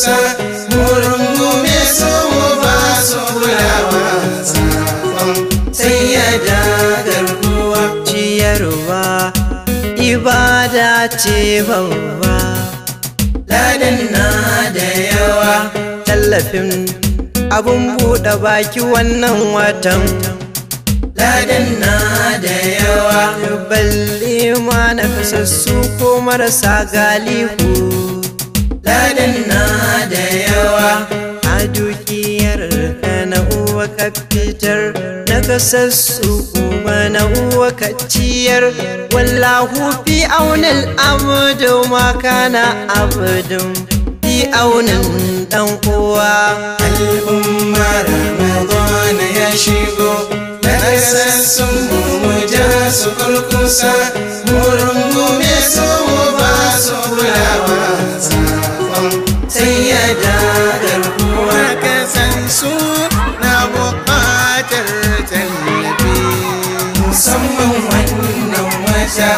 kusa me su ba su kulawa sai ya ciyarwa ibada ce babba ladan na da yawa tallafin abun buɗe baki wannan watan ladan na da yawa balle ma na kasassu ko marasa galihu yadin na da yawa a dukiyar ka na uwa ka fitar na su kuma na uwa ka wallahu fi aunin abudun ma na abudun fi aunin dan uwa mara mazana ya shigo na kasassun mu ja su kurkusa mai rungume su ba kulawa sha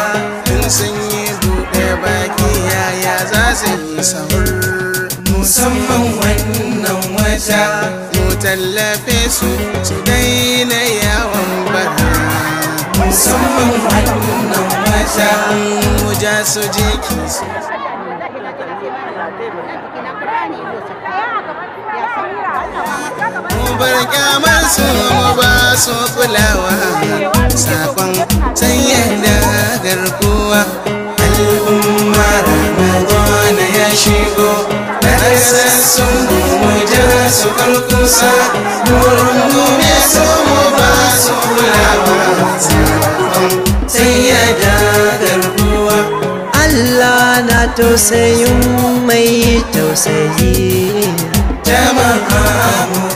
in sun yi buɗe baki yaya za su yi sahur musamman wannan wata mu tallafe su su daina yawon bara musamman wannan wata mu ja su jiki su mu bar kyamar su mu ba su kulawa sakon dagar yadda garkuwa al'umma ramadana ya shigo darasassun mu ja su karkusa burin gobe su mu ba su kulawa sai dagar garkuwa Allah na tausayin mai tausayi jama'a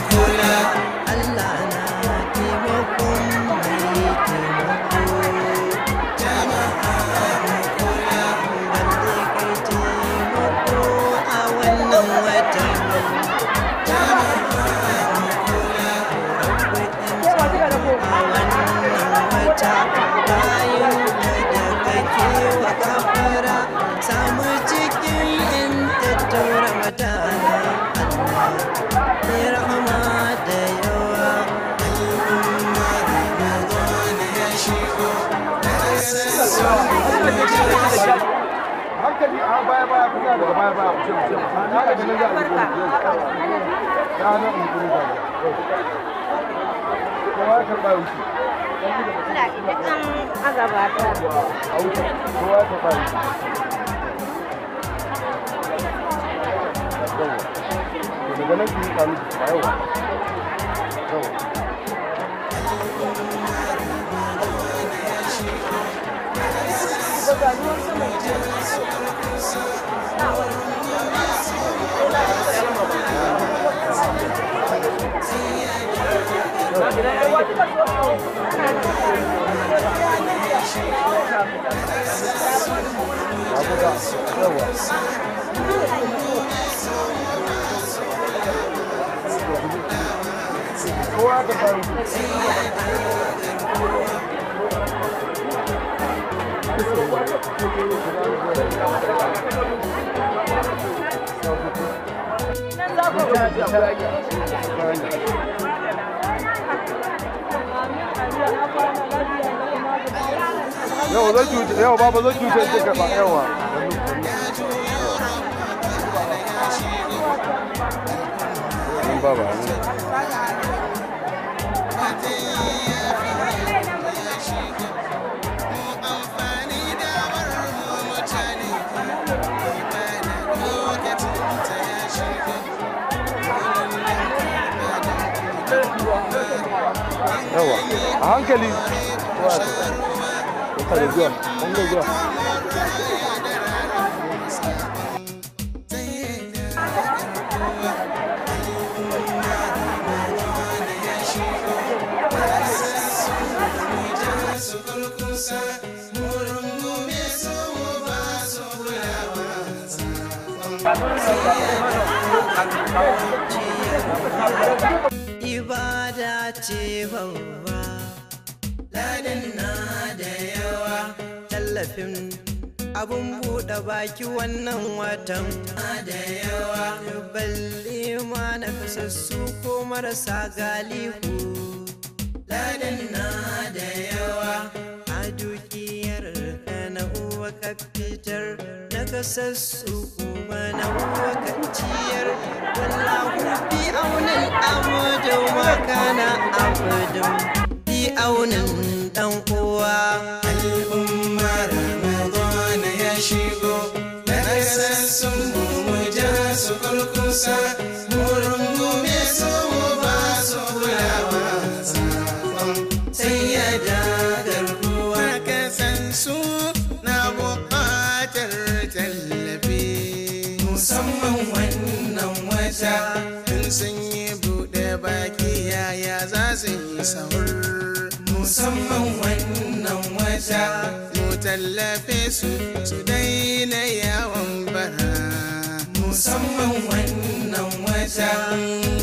wa kafara samu cikin yantattu ramadana Allah ya rahama da yawa hankali a baya kuma daga baya baya ku ce mu ba ko ya karba wuce ina idan magabata daga nan ki kowa da baro yau zai cuta yau ba ba zai cuta ce ka ban yawa ba ba yawa a hankali zuwa zuwa zuwa kusa murungume su mu ba su kulawa Ibada ce babba, ladin na da yawa tallafin abun buɗe baki wannan watan da yawa balle ma na kasassu ko marasa galihu ladin na ka fitar na kasassu kuma na wakaciyar wallahu bi aunin abudin wakana abudin bi aunin dan uwa al'umma ramadan ya shigo na kasassun mu ja su kurkusa mu mai su musamman wannan wata mu tallafe su su daina yawon bara musamman wannan wata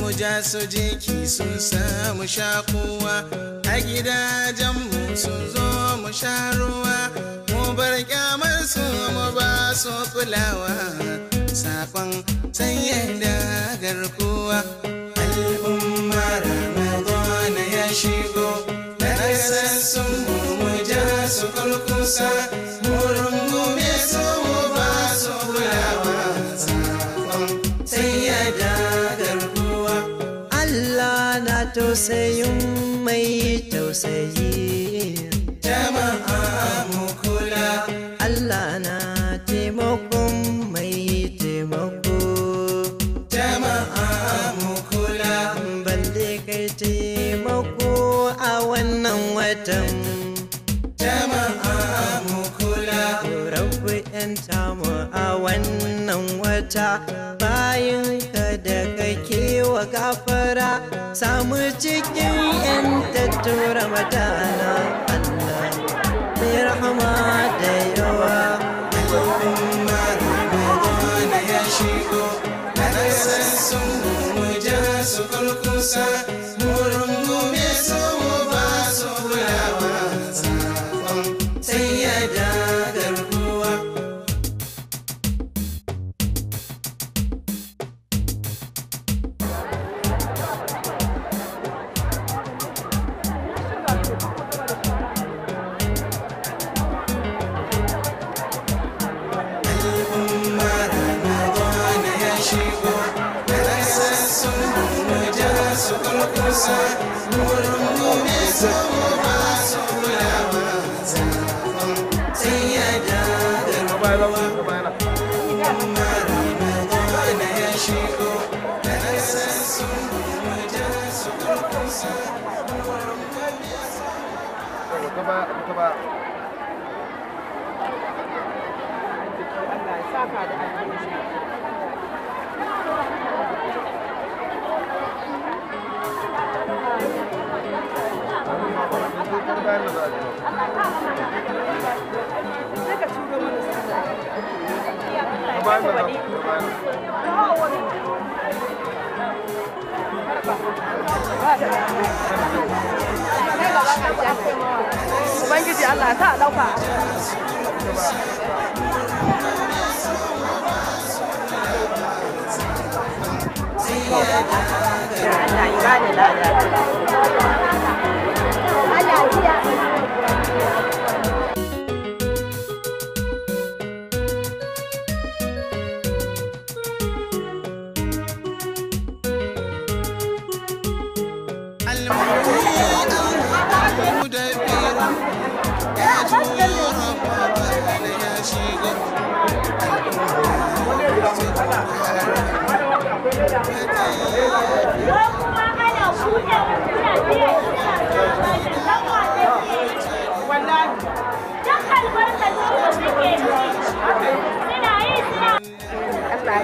mu ja su jiki sun samu shakuwa a gidajen mu su zo mu sha ruwa mu bar kyamar su mu ba su kulawa sakon sai yadda garkuwa al'umma ramadana ya shigo kasassun mu ja su kurkusa wurin gome su mu ba su kulawa sakon sai ya dagarkuwa Allah na tausayin mai tausayi jama'a jama'a mu kula rabu yanta mu a wannan wata bayan ka da kake wa gafara samu cikin yan tattura matana Allah mai rahama da yawa Allahumma Ramadan na sun su kurkusa ya zama haka bayana Saka da สวัสดี Ubangiji Allah ta ɗauka. Allah ya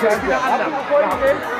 Jack.